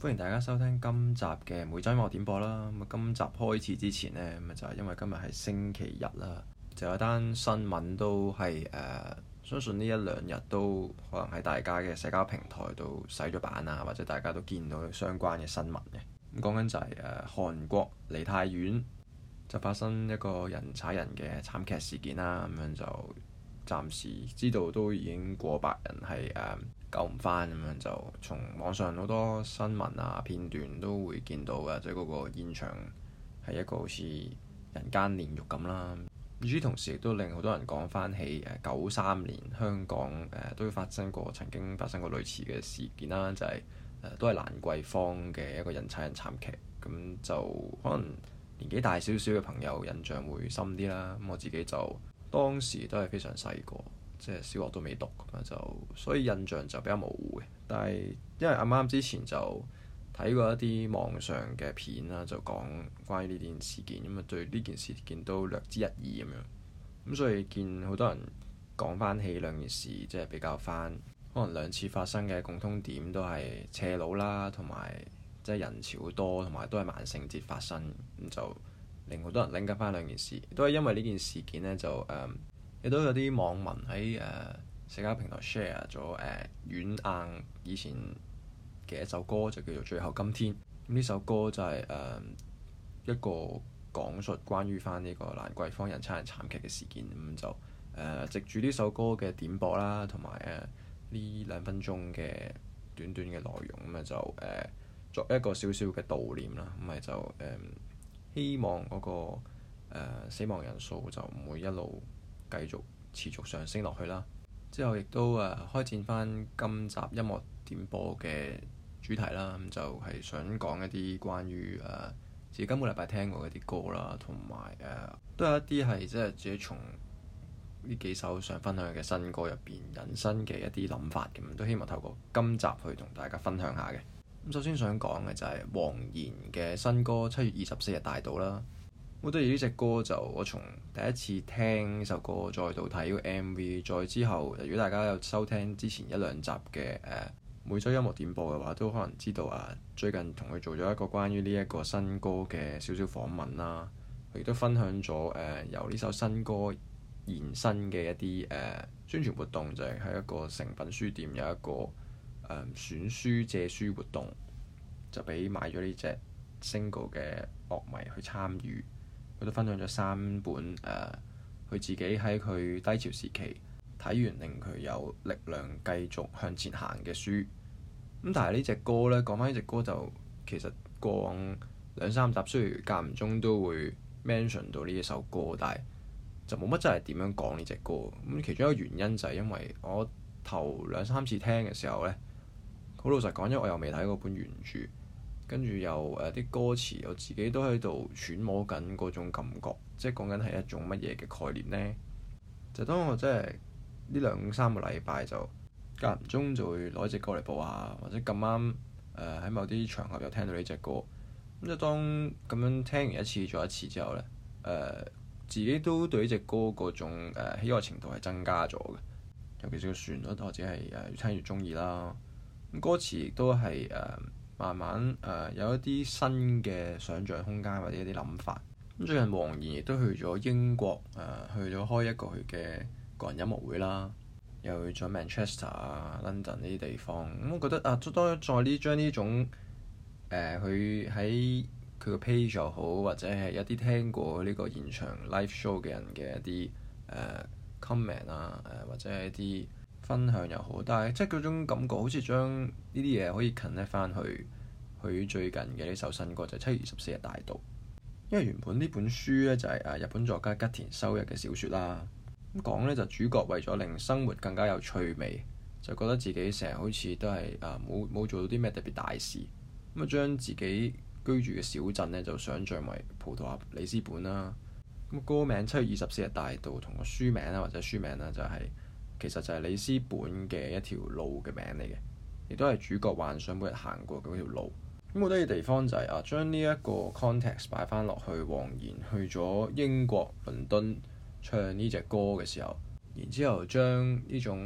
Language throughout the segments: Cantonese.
歡迎大家收聽今集嘅每周音樂點播啦。咁啊，今集開始之前呢，咁啊就係、是、因為今日係星期日啦，就有單新聞都係誒、呃，相信呢一兩日都可能喺大家嘅社交平台度洗咗版啦，或者大家都見到相關嘅新聞嘅。咁講緊就係誒，韓國梨泰院就發生一個人踩人嘅慘劇事件啦。咁樣就暫時知道都已經過百人係誒。呃救唔翻咁樣，就從網上好多新聞啊片段都會見到嘅，即係嗰個現場係一個好似人間煉獄咁啦。與此同時，亦都令好多人講翻起誒、呃、九三年香港誒、呃、都要發生過曾經發生過類似嘅事件啦，就係、是、誒、呃、都係蘭桂坊嘅一個人踩人慘劇。咁就可能年紀大少少嘅朋友印象會深啲啦。咁我自己就當時都係非常細個。即係小學都未讀咁啊，就所以印象就比較模糊嘅。但係因為啱啱之前就睇過一啲網上嘅片啦，就講關於呢件事件，咁啊，對呢件事件都略知一二咁樣。咁所以見好多人講翻起兩件事，即係比較翻可能兩次發生嘅共通點都係斜佬啦，同埋即係人潮好多，同埋都係萬聖節發生，咁就令好多人拎 i n 翻翻兩件事，都係因為呢件事件呢，就誒。嗯亦都有啲網民喺誒、呃、社交平台 share 咗誒軟硬以前嘅一首歌，就叫做《最後今天》。咁、嗯、呢首歌就係、是、誒、呃、一個講述關於翻呢個蘭桂坊人差人慘劇嘅事件。咁、嗯、就誒、呃、藉住呢首歌嘅點播啦，同埋誒呢兩分鐘嘅短短嘅內容，咁、嗯、啊就誒、呃、作一個少少嘅悼念啦。咁、嗯、咪就誒、呃、希望嗰、那個、呃、死亡人數就唔會一路，繼續持續上升落去啦，之後亦都誒、啊、開展翻今集音樂點播嘅主題啦，咁、啊、就係、是、想講一啲關於誒、啊、自己今個禮拜聽過嘅啲歌啦，同埋誒都有一啲係即係自己從呢幾首想分享嘅新歌入邊引申嘅一啲諗法，咁、啊，都希望透過今集去同大家分享下嘅。咁、啊、首先想講嘅就係黃妍嘅新歌七月二十四日大道啦。啊這我對住呢隻歌就我從第一次聽首歌，再到睇 M V，再之後，如果大家有收聽之前一兩集嘅誒、呃、每周音樂點播嘅話，都可能知道啊。最近同佢做咗一個關於呢一個新歌嘅少少訪問啦，亦都分享咗誒、呃、由呢首新歌延伸嘅一啲誒、呃、宣傳活動，就係、是、喺一個誠品書店有一個誒、呃、選書借書活動，就俾買咗呢隻 single 嘅樂迷去參與。佢都分享咗三本誒，佢、啊、自己喺佢低潮時期睇完令佢有力量繼續向前行嘅書。咁但係呢隻歌呢，講返呢隻歌就其實過往兩三集雖然間唔中都會 mention 到呢一首歌，但係就冇乜真係點樣講呢隻歌。咁其中一個原因就係因為我頭兩三次聽嘅時候呢，好老實講咗我又未睇過本原著。跟住又誒啲、呃、歌詞，我自己都喺度揣摩緊嗰種感覺，即係講緊係一種乜嘢嘅概念呢？就當我即係呢兩三個禮拜就間唔中就會攞隻歌嚟播下，或者咁啱喺某啲場合又聽到呢隻歌。咁就當咁樣聽完一次再一次之後呢，誒、呃、自己都對呢隻歌嗰種、呃、喜愛程度係增加咗嘅，尤其是個旋律或者係誒、呃、越聽越鍾意啦。咁歌詞亦都係誒、呃慢慢誒、呃、有一啲新嘅想像空間或者一啲諗法。咁最近黃妍亦都去咗英國誒、呃，去咗開一個佢嘅個人音樂會啦，又去咗 Manchester 啊、London 呢啲地方。咁、嗯、我覺得啊，多多再呢將呢種誒佢喺佢個 page 又好，或者係一啲聽過呢個現場 live show 嘅人嘅一啲誒、呃、comment 啊，誒或者係一啲。分享又好，但係即係嗰種感覺，好似將呢啲嘢可以 connect 返去佢最近嘅呢首新歌就係《七月二十四日大道》，因為原本呢本書呢就係啊日本作家吉田修一嘅小說啦，咁講呢就主角為咗令生活更加有趣味，就覺得自己成日好似都係啊冇冇做到啲咩特別大事，咁啊將自己居住嘅小鎮呢就想像為葡萄牙里斯本啦，咁歌名《七月二十四日大道》同個書名啦或者書名啦就係。其實就係里斯本嘅一條路嘅名嚟嘅，亦都係主角幻想每日行過嗰條路。咁我覺得嘅地方就係啊，將呢一個 context 擺翻落去，黃妍去咗英國倫敦唱呢隻歌嘅時候，然之後將呢種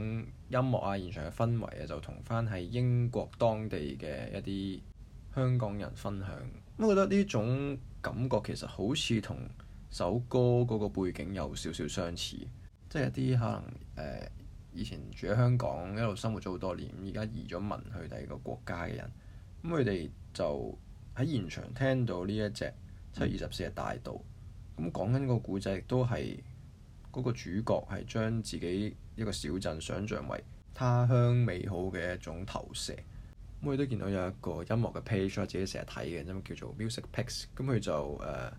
音樂啊、現場嘅氛圍啊，就同翻喺英國當地嘅一啲香港人分享。咁我覺得呢種感覺其實好似同首歌嗰個背景有少少相似，即係一啲可能誒，呃以前住喺香港，一路生活咗好多年，而家移咗民去第二個國家嘅人，咁佢哋就喺現場聽到呢一隻七二十四嘅大道，咁講緊個古仔，亦都係嗰個主角係將自己一個小鎮想象為他鄉美好嘅一種投射。咁佢都見到有一個音樂嘅 page，我自己成日睇嘅，咁叫做 Music Picks。咁佢就誒。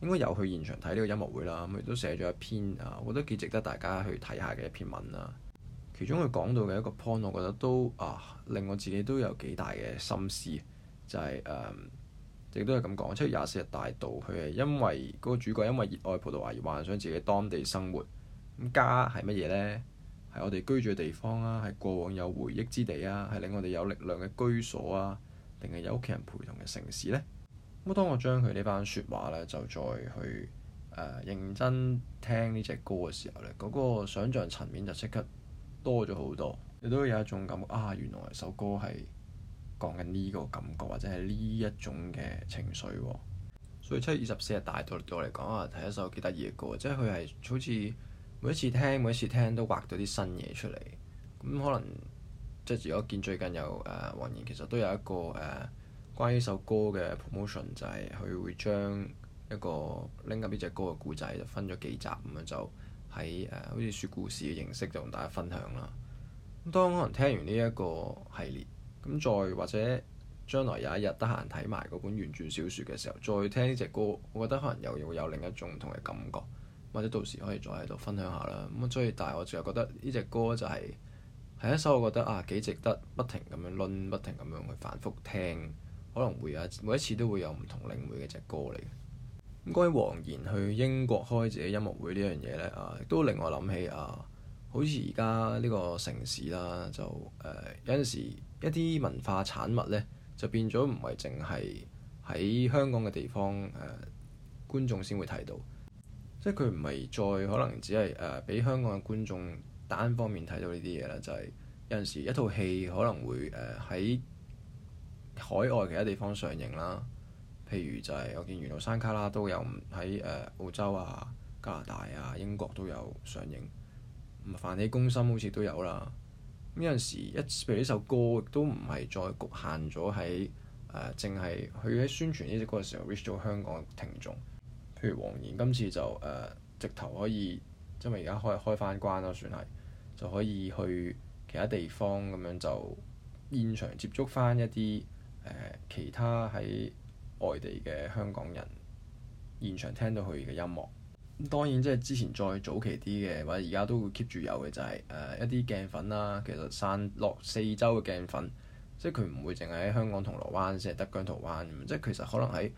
應該有去現場睇呢個音樂會啦，咁亦都寫咗一篇啊，我覺得幾值得大家去睇下嘅一篇文啦。其中佢講到嘅一個 point，我覺得都啊令我自己都有幾大嘅心思，就係亦都係咁講，七月廿四日大道，佢係因為嗰個主角因為熱愛葡萄牙而幻想自己當地生活。家係乜嘢呢？係我哋居住嘅地方啊，係過往有回憶之地啊，係令我哋有力量嘅居所啊，定係有屋企人陪同嘅城市呢？咁當我將佢呢班説話呢，就再去誒、呃、認真聽呢隻歌嘅時候呢嗰、那個想像層面就即刻多咗好多，你都有一種感覺啊！原來首歌係講緊呢個感覺，或者係呢一種嘅情緒、哦。所以七月二十四日大道對我嚟講啊，係一首幾得意嘅歌，即係佢係好似每一次聽，每一次聽都畫到啲新嘢出嚟。咁可能即係如果見最近有誒、呃、黃妍，其實都有一個誒。呃關於首歌嘅 promotion 就係佢會將一個拎緊呢隻歌嘅故仔就分咗幾集咁樣就喺誒、呃，好似説故事嘅形式就同大家分享啦。咁當可能聽完呢一個系列，咁再或者將來有一日得閒睇埋嗰本原著小説嘅時候，再聽呢隻歌，我覺得可能又會有另一種唔同嘅感覺，或者到時可以再喺度分享下啦。咁所以，但係我淨係覺得呢隻歌就係、係、係一首我覺得啊幾值得不停咁樣輪，不停咁樣去反覆聽。可能會啊，每一次都會有唔同領域嘅隻歌嚟嘅。咁講起黃妍去英國開自己音樂會呢樣嘢呢，啊，亦都令我諗起啊，好似而家呢個城市啦，就誒、啊、有陣時一啲文化產物呢，就變咗唔係淨係喺香港嘅地方誒、啊、觀眾先會睇到，即係佢唔係再可能只係誒俾香港嘅觀眾單方面睇到呢啲嘢啦，就係、是、有陣時一套戲可能會誒喺。啊海外其他地方上映啦，譬如就係我見《緣路山旮旯》都有喺誒、呃、澳洲啊、加拿大啊、英國都有上映。唔，《飯戲攻心》好似都有啦。呢陣時一譬如呢首歌都唔係再局限咗喺誒，淨係佢喺宣傳呢隻歌嘅時候 reach 咗香港嘅聽眾。譬如黃妍今次就誒、呃、直頭可以，因為而家開開翻關咯，算係就可以去其他地方咁樣就現場接觸翻一啲。誒其他喺外地嘅香港人現場聽到佢嘅音樂，咁當然即係之前再早期啲嘅，或者而家都會 keep 住有嘅就係、是、誒、呃、一啲鏡粉啦、啊。其實散落四周嘅鏡粉，即係佢唔會淨係喺香港銅鑼灣，即係得姜濤灣。即係其實可能喺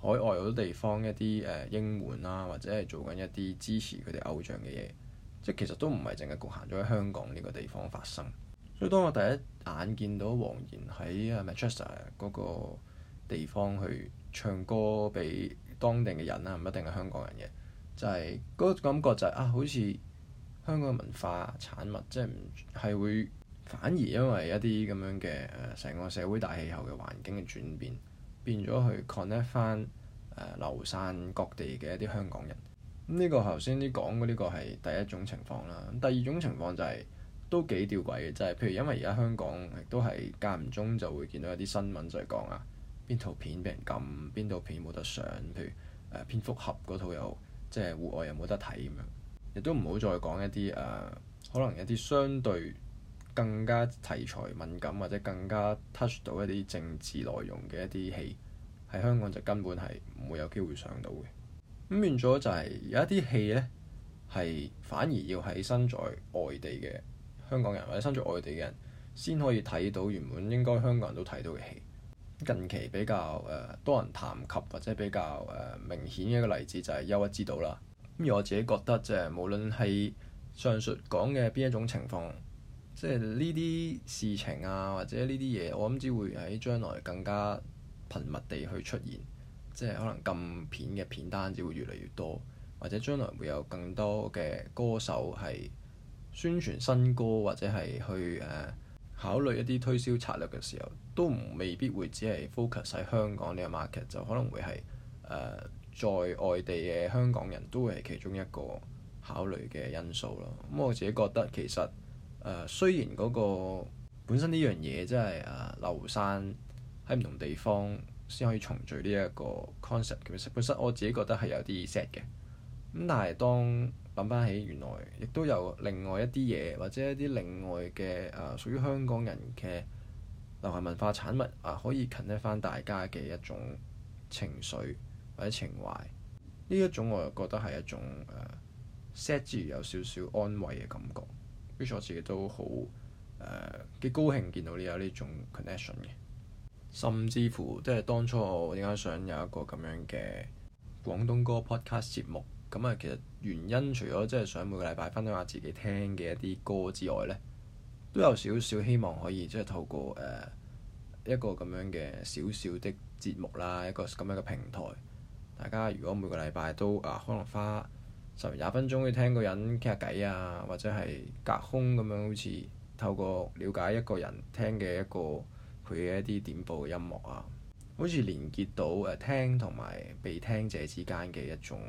海外有啲地方一啲誒應援啦，或者係做緊一啲支持佢哋偶像嘅嘢，即係其實都唔係淨係局限咗喺香港呢個地方發生。所以當我第一眼見到黃妍喺啊 Manchester 嗰個地方去唱歌，俾當地嘅人啊，唔一定係香港人嘅，就係、是、嗰感覺就係、是、啊，好似香港嘅文化產物，即係唔係會反而因為一啲咁樣嘅誒成個社會大氣候嘅環境嘅轉變，變咗去 connect 翻誒、呃、流散各地嘅一啲香港人。呢、嗯呢個頭先啲講嘅呢個係第一種情況啦。第二種情況就係、是。都幾吊詭嘅，即係譬如因為而家香港亦都係間唔中就會見到一啲新聞就係講啊，邊套片俾人撳，邊套片冇得上，譬如誒蝙蝠俠嗰套又即係戶外又冇得睇咁樣，亦都唔好再講一啲誒、呃、可能一啲相對更加題材敏感或者更加 touch 到一啲政治內容嘅一啲戲喺香港就根本係唔會有機會上到嘅。咁變咗就係有一啲戲呢，係反而要喺身在外地嘅。香港人或者身住外地嘅人先可以睇到原本應該香港人都睇到嘅戲。近期比較誒、呃、多人談及或者比較誒、呃、明顯嘅一個例子就係憂鬱之島啦。咁而我自己覺得即係無論係上述講嘅邊一種情況，即係呢啲事情啊或者呢啲嘢，我諗只會喺將來更加頻密地去出現，即係可能禁片嘅片單只會越嚟越多，或者將來會有更多嘅歌手係。宣傳新歌或者係去誒、呃、考慮一啲推銷策略嘅時候，都唔未必會只係 focus 喺香港呢、這個 market，就可能會係誒、呃、在外地嘅香港人都會係其中一個考慮嘅因素咯。咁、嗯、我自己覺得其實誒、呃、雖然嗰、那個本身呢樣嘢真係誒流散喺唔同地方先可以重聚呢一個 concept 本身我自己覺得係有啲 sad 嘅，咁但係當諗翻起，原來亦都有另外一啲嘢，或者一啲另外嘅誒，屬、呃、於香港人嘅流行文化產物啊、呃，可以 connect 翻大家嘅一種情緒或者情懷。呢一種我又覺得係一種誒 sad 之餘有少少安慰嘅感覺比我自己都好誒幾高興見到你有呢種 connection 嘅。甚至乎即係當初我點解想有一個咁樣嘅廣東歌 podcast 節目咁啊、嗯，其實～原因除咗即係想每個禮拜分享下自己聽嘅一啲歌之外咧，都有少少希望可以即係、就是、透過誒、uh, 一個咁樣嘅小小的節目啦，一個咁樣嘅平台，大家如果每個禮拜都啊可能花十廿分鐘去聽個人傾下偈啊，或者係隔空咁樣，好似透過了解一個人聽嘅一個佢嘅一啲點播嘅音樂啊，好似連結到誒、uh, 聽同埋被聽者之間嘅一種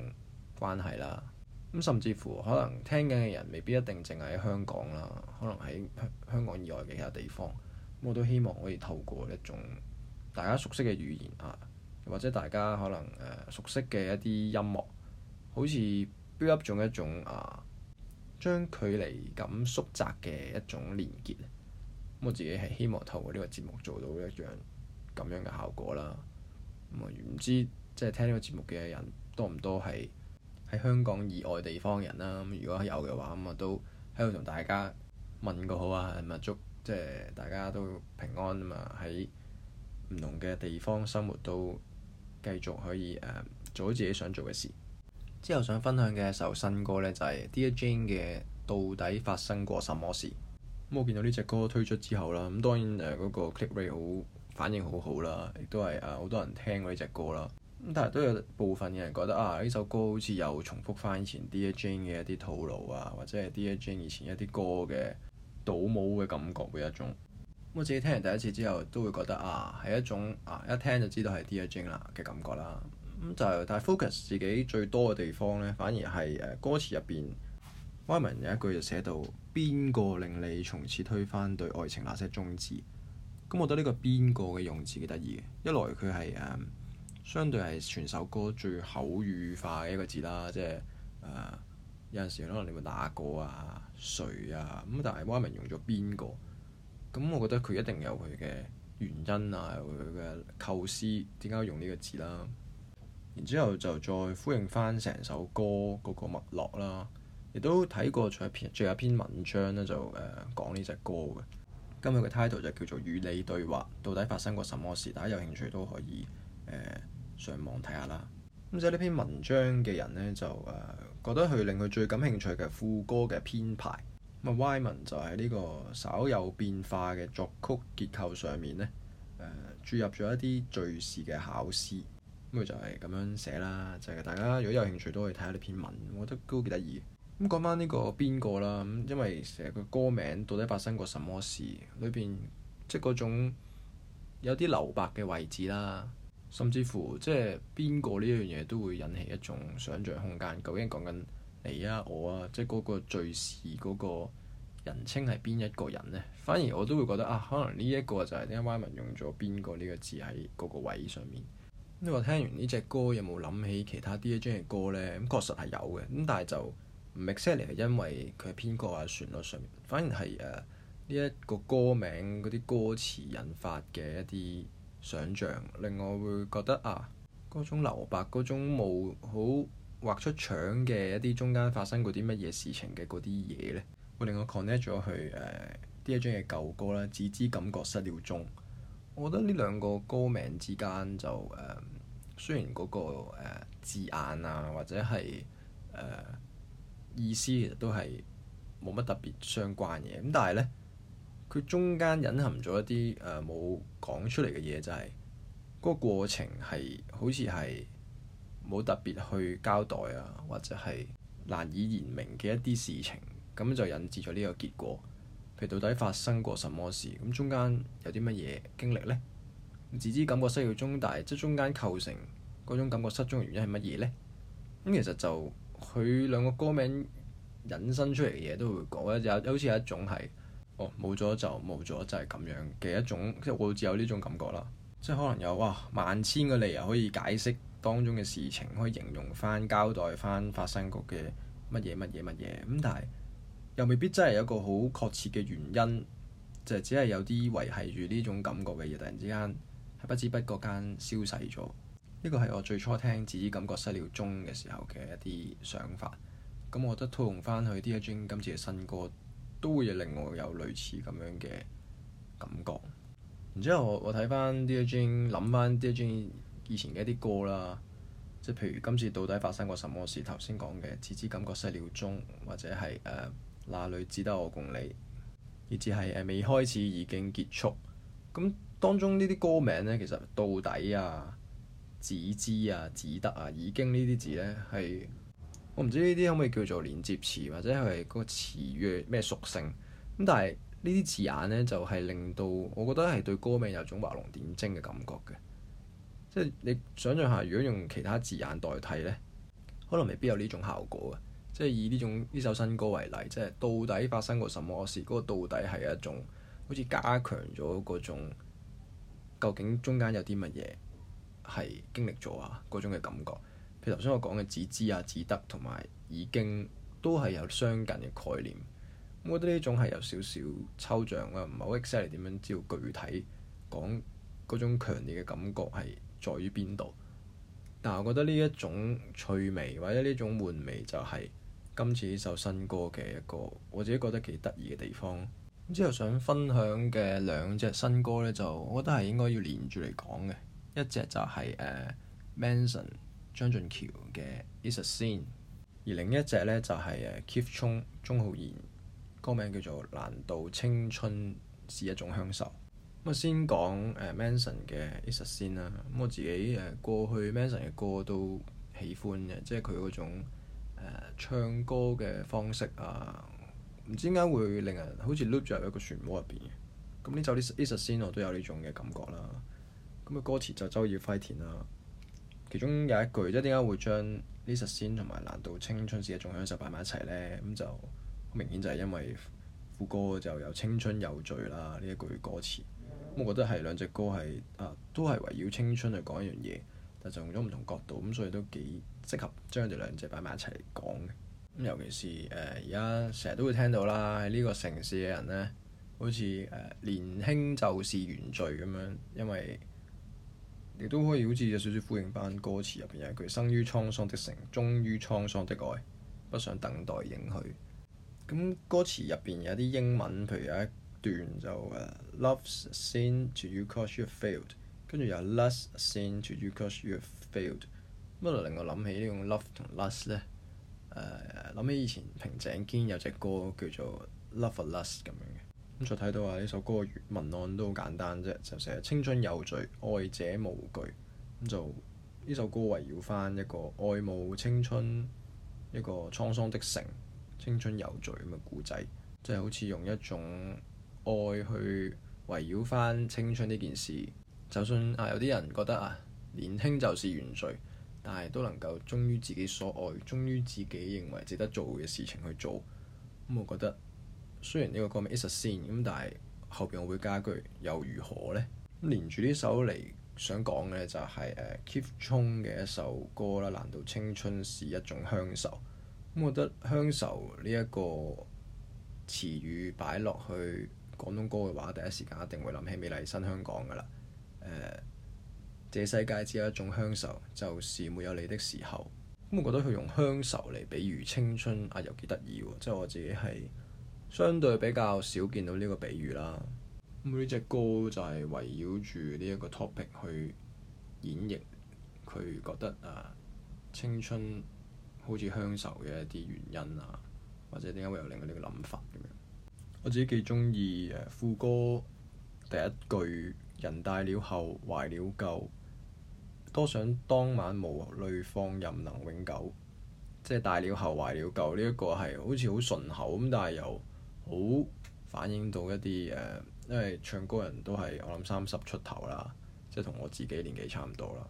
關係啦。咁甚至乎可能聽緊嘅人未必一定淨係喺香港啦，可能喺香港以外嘅其他地方，咁我都希望可以透過一種大家熟悉嘅語言啊，或者大家可能誒、啊、熟悉嘅一啲音樂，好似 build up 一種一種啊將距離咁縮窄嘅一種連結，我自己係希望透過呢個節目做到一樣咁樣嘅效果啦。咁啊唔知即係、就是、聽呢個節目嘅人多唔多係，喺香港以外地方人啦，如果有嘅話，咁我都喺度同大家問個好啊，咁咪祝即係大家都平安啊嘛，喺唔同嘅地方生活都繼續可以誒、啊、做自己想做嘅事。之後想分享嘅一首新歌呢，就係 Dear Jane 嘅到底發生過什麼事。咁我見到呢隻歌推出之後啦，咁當然誒嗰、嗰個 click rate 好反應好好啦，亦都係誒好多人聽過呢隻歌啦。咁但係都有部分嘅人覺得啊，呢首歌好似又重複翻以前 Dear Jane 嘅一啲套路啊，或者係 Dear Jane 以前一啲歌嘅倒模嘅感覺嘅一種。咁我自己聽完第一次之後都會覺得啊，係一種啊一聽就知道係 Dear Jane 啦嘅感覺啦。咁就係但係 focus 自己最多嘅地方呢，反而係誒歌詞入邊，Wyman 有一句就寫到邊個令你從此推翻對愛情那些宗旨？咁我覺得呢個邊個嘅用字幾得意嘅，一來佢係誒。嗯相對係全首歌最口語化嘅一個字啦，即係、呃、有陣時可能你會打過啊誰啊咁，但係 Wyman 用咗邊個咁？我覺得佢一定有佢嘅原因啊，有佢嘅構思點解用呢個字啦。然之後就再呼應翻成首歌嗰個脈絡啦。亦都睇過咗一篇，最後一篇文章咧，就誒講呢隻歌嘅今日嘅 title 就叫做與你對話，到底發生過什麼事？大家有興趣都可以誒。呃上網睇下啦，咁寫呢篇文章嘅人呢，就誒、呃、覺得佢令佢最感興趣嘅副歌嘅編排，咁啊 Y 文就喺呢個稍有變化嘅作曲結構上面呢，呃、注入咗一啲爵士嘅巧思，咁佢就係咁樣寫啦，就係、是、大家如果有興趣都可以睇下呢篇文，我覺得都幾得意。咁講翻呢個邊個啦，因為成日個歌名到底發生過什麼事，裏邊即係嗰種有啲留白嘅位置啦。甚至乎，即係邊個呢樣嘢都會引起一種想像空間。究竟講緊你啊、我啊，即係嗰個敍事嗰個人稱係邊一個人呢？反而我都會覺得啊，可能呢一個就係點解文用咗邊個呢個字喺嗰個位上面。你話、嗯、聽完呢隻歌有冇諗起其他 DJ 嘅歌呢？咁、嗯、確實係有嘅，咁但係就唔 exactly 嚟係因為佢係編曲啊、旋律上面，反而係誒呢一個歌名嗰啲歌詞引發嘅一啲。想像，令我會覺得啊，嗰種留白，嗰種冇好畫出腸嘅一啲中間發生過啲乜嘢事情嘅嗰啲嘢咧，會令我 connect 咗去誒啲、呃、一張嘅舊歌啦。只知感覺失了蹤，我覺得呢兩個歌名之間就誒、呃，雖然嗰、嗰個、呃、字眼啊或者係誒、呃、意思其實都係冇乜特別相關嘅，咁但係咧。佢中間隱含咗一啲誒冇講出嚟嘅嘢，就係、是、嗰個過程係好似係冇特別去交代啊，或者係難以言明嘅一啲事情，咁就引致咗呢個結果。佢到底發生過什麼事？咁中間有啲乜嘢經歷呢？自知感覺失去中大，即中間構成嗰種感覺失蹤嘅原因係乜嘢呢？咁其實就佢兩個歌名引申出嚟嘅嘢都會講咧，有好似有，有一種係。冇咗、哦、就冇咗，就係、是、咁樣嘅一種，即係我只有呢種感覺啦。即係可能有哇萬千個理由可以解釋當中嘅事情，可以形容翻、交代翻發生過嘅乜嘢、乜嘢、乜嘢。咁但係又未必真係有個好確切嘅原因，就係、是、只係有啲維係住呢種感覺嘅嘢，突然之間係不知不覺間消逝咗。呢、這個係我最初聽自己感覺失了蹤嘅時候嘅一啲想法。咁我覺得套用翻去 Dear Jane 今次嘅新歌，都會令我有類似咁樣嘅感覺。然之後我我睇翻 Dear Jane，諗翻 Dear Jane 以前嘅一啲歌啦，即係譬如今次到底發生過什麼事？頭先講嘅，只知感覺失了蹤，或者係誒、呃，哪裡只得我共你，以至係誒未開始已經結束。咁當中呢啲歌名咧，其實到底啊、只知啊、只得啊、已經呢啲字咧，係。我唔知呢啲可唔可以叫做連接詞，或者佢係嗰個詞語咩屬性咁，但係呢啲字眼呢，就係令到我覺得係對歌名有種畫龍點睛嘅感覺嘅。即係你想象下，如果用其他字眼代替呢，可能未必有呢種效果嘅。即係以呢種呢首新歌為例，即係到底發生過什麼事？嗰個到底係一種好似加強咗嗰種究竟中間有啲乜嘢係經歷咗啊嗰種嘅感覺。譬如頭先我講嘅，只知啊、只得同埋已經，都係有相近嘅概念。我覺得呢種係有少少抽象，我又唔係好 explicit 嚟點樣知道具體講嗰種強烈嘅感覺係在於邊度。但係我覺得呢一種趣味或者呢種換味就係今次呢首新歌嘅一個我自己覺得幾得意嘅地方。之後想分享嘅兩隻新歌咧，就我覺得係應該要連住嚟講嘅。一隻就係誒 Manson。Uh, Manson, 張進翹嘅《Is a Scene》而另一隻咧就係、是、誒 Keith Chung 鍾浩賢歌名叫做《難道青春是一種鄉愁》。咁啊，先講誒 Manson 嘅《Is a Scene》先啦。咁我自己誒過去 Manson 嘅歌都喜歡嘅，即係佢嗰種、呃、唱歌嘅方式啊，唔、呃、知點解會令人好似碌咗入一個漩渦入邊嘅。咁呢首《Is a Scene》先我都有呢種嘅感覺啦。咁嘅歌詞就周耀輝填啦。其中有一句，即係點解會將呢首《仙》同埋難度青春是種享受擺埋一齊呢？咁就好明顯就係因為副歌就有青春有罪啦呢一句歌詞。咁我覺得係兩隻歌係啊都係圍繞青春去講一樣嘢，但係就用咗唔同角度，咁所以都幾適合將佢哋兩隻擺埋一齊嚟講嘅。尤其是誒而家成日都會聽到啦，喺呢個城市嘅人呢，好似誒、呃、年輕就是原罪咁樣，因為。亦都可以好似有少少呼應翻歌詞入邊有一句，生於滄桑的城，忠於滄桑的愛，不想等待應許。咁歌詞入邊有啲英文，譬如有一段就誒 Love's a sin to you 'cause you've failed，跟住又 Love's a sin to you 'cause you've failed。咁啊令我諗起呢種 love 同 lust 咧，誒諗起以前平井堅有隻歌叫做 Love or Lust 咁樣。咁就睇到啊！呢首歌嘅文案都好簡單啫，就寫青春有罪，愛者無懼，咁就呢首歌圍繞翻一個愛慕青春，一個滄桑的城，青春有罪咁嘅故仔，即係好似用一種愛去圍繞翻青春呢件事。就算啊，有啲人覺得啊，年輕就是原罪，但係都能夠忠於自己所愛，忠於自己認為值得做嘅事情去做。咁我覺得。雖然呢個歌名是先咁，但係後邊我會加句又如何呢？咁連住呢首嚟想講嘅就係誒 Kiff 鍾嘅一首歌啦。難道青春是一種鄉愁？咁、嗯、我覺得鄉愁呢一個詞語擺落去廣東歌嘅話，第一時間一定會諗起美麗新香港噶啦。誒、uh，這世界只有一種鄉愁，就是沒有你的時候。咁、嗯、我覺得佢用鄉愁嚟比喻青春啊，又幾得意喎！即、就、係、是、我自己係。相對比較少見到呢個比喻啦。咁呢隻歌就係圍繞住呢一個 topic 去演繹，佢覺得啊，青春好似鄉愁嘅一啲原因啊，或者點解會有另外呢個諗法咁樣。我自己幾中意副歌第一句，人大了後懷了舊，多想當晚無淚放任能永久，即係大了後懷了舊呢一個係好似好順口咁，但係又～好、哦、反映到一啲誒、呃，因為唱歌人都係，我諗三十出頭啦，即係同我自己年紀差唔多啦，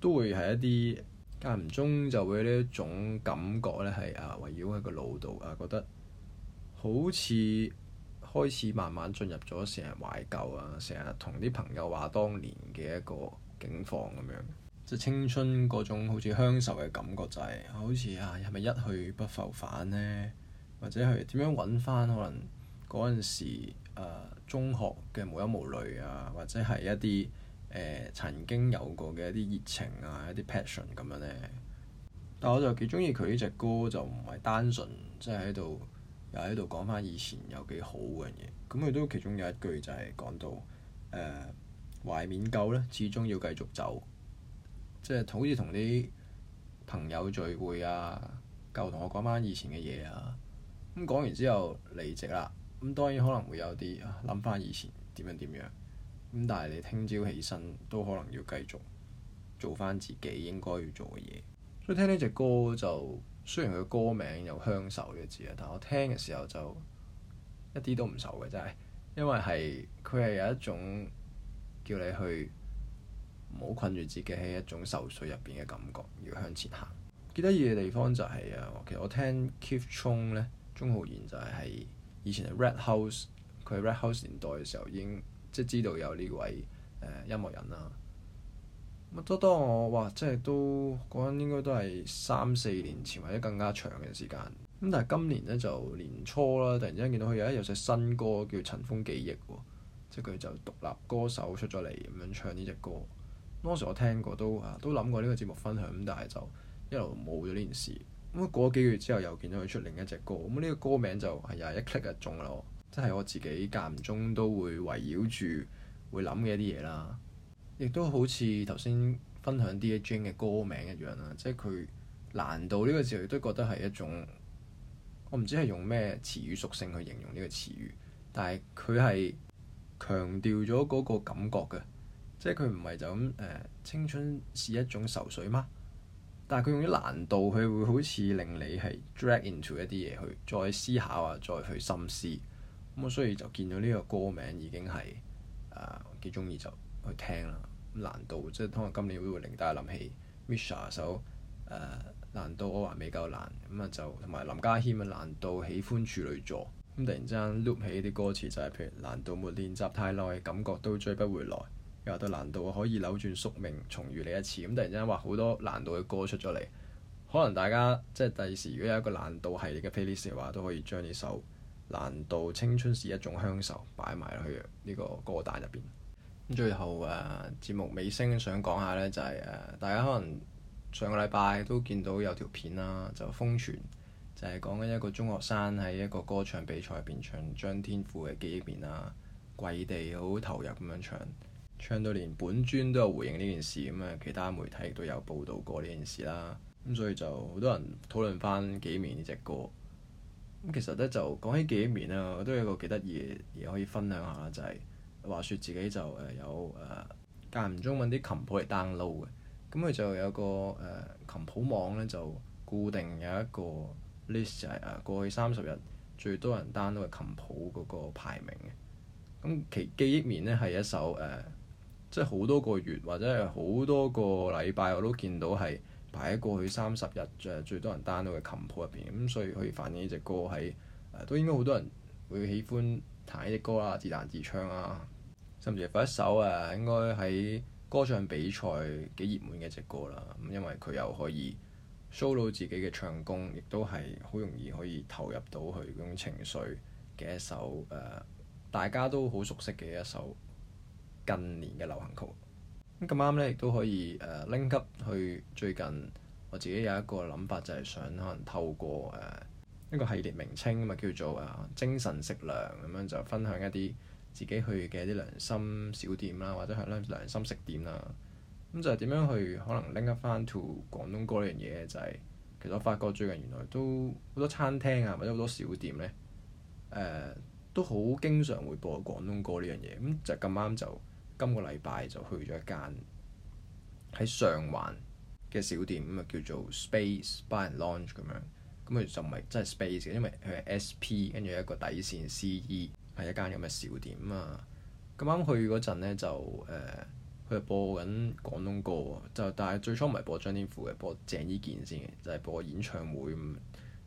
都會係一啲間唔中就會呢一種感覺咧，係啊圍繞喺個腦度啊，覺得好似開始慢慢進入咗成日懷舊啊，成日同啲朋友話當年嘅一個境況咁樣，即係青春嗰種好似鄉愁嘅感覺就係、是、好似啊係咪一去不復返咧？或者係點樣揾翻可能嗰陣時、呃、中學嘅無憂無慮啊，或者係一啲誒、呃、曾經有過嘅一啲熱情啊，一啲 passion 咁樣呢？但我就幾中意佢呢隻歌，就唔係單純即係喺度又喺度講翻以前有幾好嘅嘢。咁佢都其中有一句就係講到誒、呃、懷緬夠呢，始終要繼續走，即係好似同啲朋友聚會啊，夠同我講翻以前嘅嘢啊。咁講完之後離席啦，咁當然可能會有啲諗翻以前點樣點樣。咁但係你聽朝起身都可能要繼續做翻自己應該要做嘅嘢。所以聽呢隻歌就雖然佢歌名有鄉愁嘅字啊，但我聽嘅時候就一啲都唔愁嘅，真係因為係佢係有一種叫你去唔好困住自己喺一種愁水入邊嘅感覺，要向前行。幾得意嘅地方就係、是、啊，其實我聽 Keith Chung 咧。鍾浩賢就係以前係 Red House，佢 Red House 年代嘅時候已經即係知道有呢位、呃、音樂人啦。咁多多我哇，即係都嗰陣、那個、應該都係三四年前或者更加長嘅時間。咁但係今年咧就年初啦，突然之間見到佢有一首新歌叫《塵封記憶》喎，即係佢就獨立歌手出咗嚟咁樣唱呢隻歌。當、那個、時我聽過都嚇、啊，都諗過呢個節目分享，咁但係就一路冇咗呢件事。咁啊過幾個月之後又見到佢出另一隻歌，咁呢個歌名就係又係一 click 一種咯，即係我自己間唔中都會圍繞住會諗嘅一啲嘢啦，亦都好似頭先分享 Dear Jane 嘅歌名一樣啦，即係佢難道呢個時候亦都覺得係一種，我唔知係用咩詞語屬性去形容呢個詞語，但係佢係強調咗嗰個感覺嘅，即係佢唔係就咁誒、呃，青春係一種愁緒嗎？但係佢用啲難度，佢會好似令你係 drag into 一啲嘢去再思考啊，再去深思。咁、嗯、啊，所以就見到呢個歌名已經係誒幾中意就去聽啦。咁難度即係可能今年會會令大家諗起 Misha 首誒、呃、難度，我還未夠難。咁、嗯、啊就同埋林家謙嘅難度，喜歡處女座。咁、嗯、突然之間 loop 起啲歌詞就係、是、譬如難度沒練習太耐，感覺都追不回來。又話到難度可以扭轉宿命，重遇你一次。咁突然之間話好多難度嘅歌出咗嚟，可能大家即係第時，如果有一個難度系列嘅 playlist 嘅話，都可以將呢首《難度青春是一種鄉愁》擺埋去呢個歌單入邊。咁最後誒、啊、節目尾聲想講下呢、就是，就係誒大家可能上個禮拜都見到有條片啦，就瘋傳，就係、是、講緊一個中學生喺一個歌唱比賽入邊唱張天賦嘅《記憶棉》啊，跪地好投入咁樣唱。唱到連本尊都有回應呢件事咁啊，其他媒體都有報道過呢件事啦。咁所以就好多人討論翻《記憶棉》呢隻歌。咁其實咧就講起《記憶棉》咧，我都有個幾得意嘅嘢可以分享下，就係、是、話説自己就誒有誒、uh, 間唔中揾啲琴譜嚟 download 嘅。咁佢就有個誒、uh, 琴譜網咧，就固定有一個 list 就係、是、誒、uh, 過去三十日最多人 download 嘅琴譜嗰個排名嘅。咁其《記憶棉》咧係一首誒。Uh, 即係好多個月或者係好多個禮拜，我都見到係排喺過去三十日誒最多人 download 嘅琴譜入邊，咁所以可以反映呢隻歌係誒、呃、都應該好多人會喜歡彈呢啲歌啦，自彈自唱啊，甚至係一首誒應該喺歌唱比賽幾熱門嘅一隻歌啦，咁因為佢又可以 show 到自己嘅唱功，亦都係好容易可以投入到佢嗰種情緒嘅一首誒、呃、大家都好熟悉嘅一首。近年嘅流行曲咁咁啱咧，亦都可以誒拎急去。呃、最近我自己有一個諗法，就係、是、想可能透過誒、呃、一個系列名稱咁啊，叫做啊精神食糧咁樣，就分享一啲自己去嘅啲良心小店啦，或者係咧良心食店啦。咁、啊、就係點樣去可能拎一翻到廣東歌呢樣嘢？就係、是、其實我發覺最近原來都好多餐廳啊，或者好多小店咧誒、呃，都好經常會播廣東歌呢樣嘢。咁就係咁啱就。今個禮拜就去咗一間喺上環嘅小店，咁啊叫做 Space b y and Lounge 咁樣，咁、嗯、啊就唔係真係 Space 嘅，因為佢係 S P 跟住一個底線 C E 係一間咁嘅小店啊。咁、嗯、啱去嗰陣咧就誒，佢、呃、係播緊廣東歌喎，就但係最初唔係播張天賦嘅，播鄭伊健先嘅，就係、是、播演唱會咁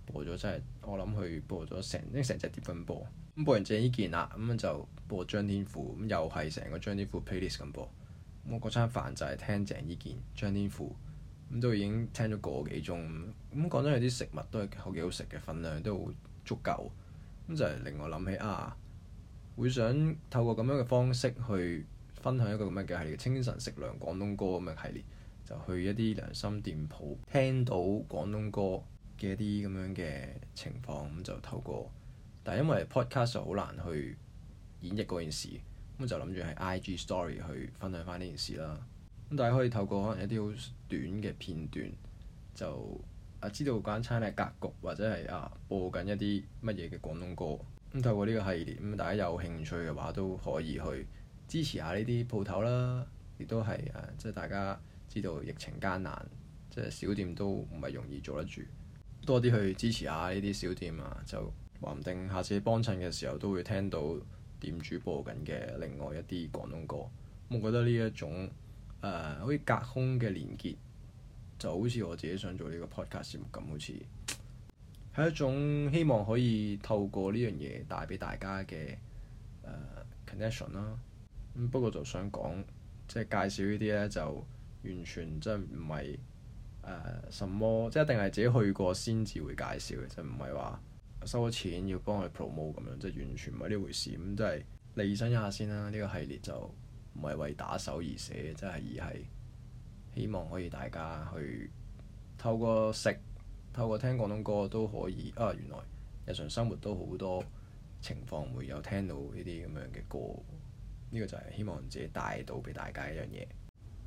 播咗真係，我諗佢播咗成，應該成隻碟都播。咁播完鄭伊健啦，咁樣就播張天賦，咁又係成個張天賦 playlist 咁播。我嗰餐飯就係聽鄭伊健、張天賦，咁都已經聽咗個幾鐘。咁講真，有啲食物都係好幾好食嘅，份量都好足夠。咁就係令我諗起啊，會想透過咁樣嘅方式去分享一個咁樣嘅系列，精神食良廣東歌咁嘅系列，就去一啲良心店鋪，聽到廣東歌嘅一啲咁樣嘅情況，咁就透過。但係因為 podcast 好難去演繹嗰件事，咁就諗住喺 I G Story 去分享翻呢件事啦。咁大家可以透過可能一啲好短嘅片段，就啊知道間餐廳格局或者係啊播緊一啲乜嘢嘅廣東歌。咁透過呢個系列，咁大家有興趣嘅話都可以去支持下呢啲鋪頭啦。亦都係誒，即係大家知道疫情艱難，即係小店都唔係容易做得住，多啲去支持下呢啲小店啊，就～話唔定下次幫襯嘅時候都會聽到店主播緊嘅另外一啲廣東歌。咁我覺得呢一種誒、呃、好似隔空嘅連結，就好似我自己想做呢個 podcast 咁，好似係一種希望可以透過呢樣嘢帶畀大家嘅誒、呃、connection 啦。咁、嗯、不過就想講，即係介紹呢啲咧，就完全即係唔係誒什麼，即、就、係、是、一定係自己去過先至會介紹嘅，即係唔係話。收咗錢要幫佢 promo 咁樣，即係完全唔係呢回事咁，即係釐清一下先啦。呢個系列就唔係為打手而寫，即係而係希望可以大家去透過食、透過聽廣東歌都可以。啊，原來日常生活都好多情況會有聽到呢啲咁樣嘅歌。呢個就係希望自己帶到俾大家一樣嘢。